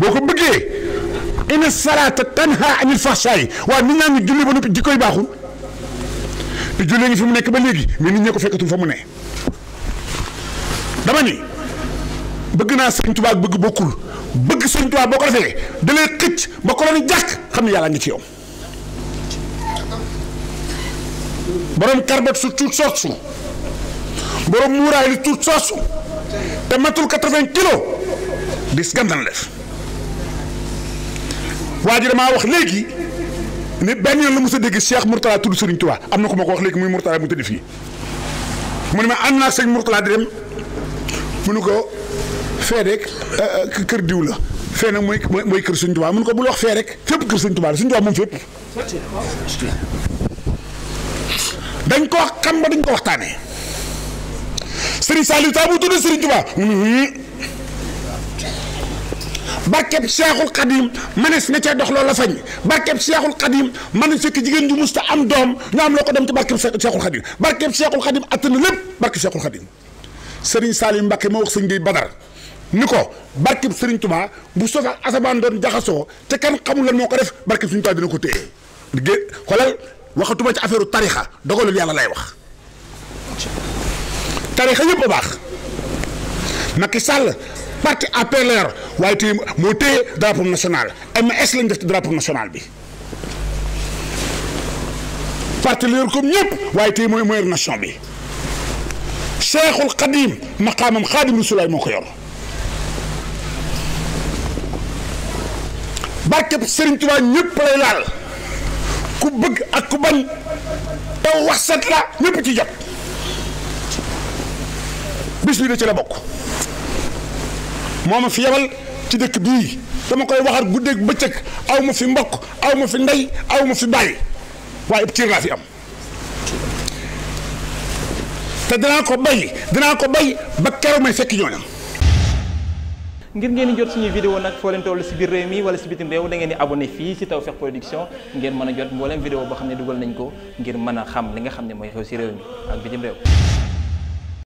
boo ko bëggee inna salaata tanha anil fahshaay waaw nit ñaa ngi julli ba noppi jikkoy baaxul te jullee ngi fi mu nekk ba léegi mais nit ñee ko fekkatul fa mu ne dama ni bëgg naa sëñ Tuubaa bëgg bokkul bëgg sëñ Tuubaa boo ko defee da lay xëcc ba ko doon jàkk xam ne yàlla ngi ci yow borom karbot su tuut soosu borom muuraay li tuut soosu te matul kilo di dis gantan waa ji damaa wax léegi ne benn yoon la musa a dégg Cheikh Mourtala tudd Serigne Touba am na ku ma ko wax léegi muy Mourtala mu tëdd fi mu ne ma ànd naa sëñ Mourtala di dem ko fee rek euh, euh, kër diw la fee nag mooy mooy kër Serigne Touba mu ne ko bul wax fee rek fépp kër Serigne Touba la Serigne Touba moom dañ ko xam ba dañ ko waxtaanee Serigne Saliou Touba bu barkeb Seexul Xadiim manes na cee dox loola fañ barkeb Seexul Xadiim mën a fekk jigéen ju musta am doom ñu am loo ko dem ci barkeb Seexul Xadiim barkeb Seexul Xadiim attan na lépp barkeb Seexul Xadiim Serigne Salim Mbacke moo wax sëñ Gueye Badar ni ko barkeb Serigne Touba bu suuf ak asamaan doon jaxasoo te kenn xamul lan moo ko def barkeb Serigne Touba dina ko téye liggéey xoolal waxatuma ci affaire tarixa dogalul yàlla lay wax tarixa yëpp a baax Macky Sall parti APR la yor waaye tey moo téye drapeau national MS lañ def ci drapeau national bi parti la yor comme ñëpp waaye tey mooy mooy nation bi Cheikhul Xadim maqaamam Xaadim Rasulaay moo ko yor barkeb Serigne Touba ñëpp lay laal ku bëgg ak ku bañ taw waxsat la ñëpp ci jot bis bi da ci la bokk. moo ma fi yebal ci dëkk bii dama koy waxaat guddeeg bëccëg aw ma fi mbokk aw ma fi ndey aw ma fi bàyyi waaye ëpp tiir laa fi am te dinaa ko bay danaa ko bay ba keroog may fekk ñooñam ngir ngeen di jot suñuy vidéo nag foo leen toll si biir réew mi wala si bitim réew da ngeen di abonné fii si Tawfekh Production ngeen mën a jot mbooleem vidéo boo xam ne dugal nañ ko ngir mën a xam li nga xam ne mooy xew si réew mi ak bitim réew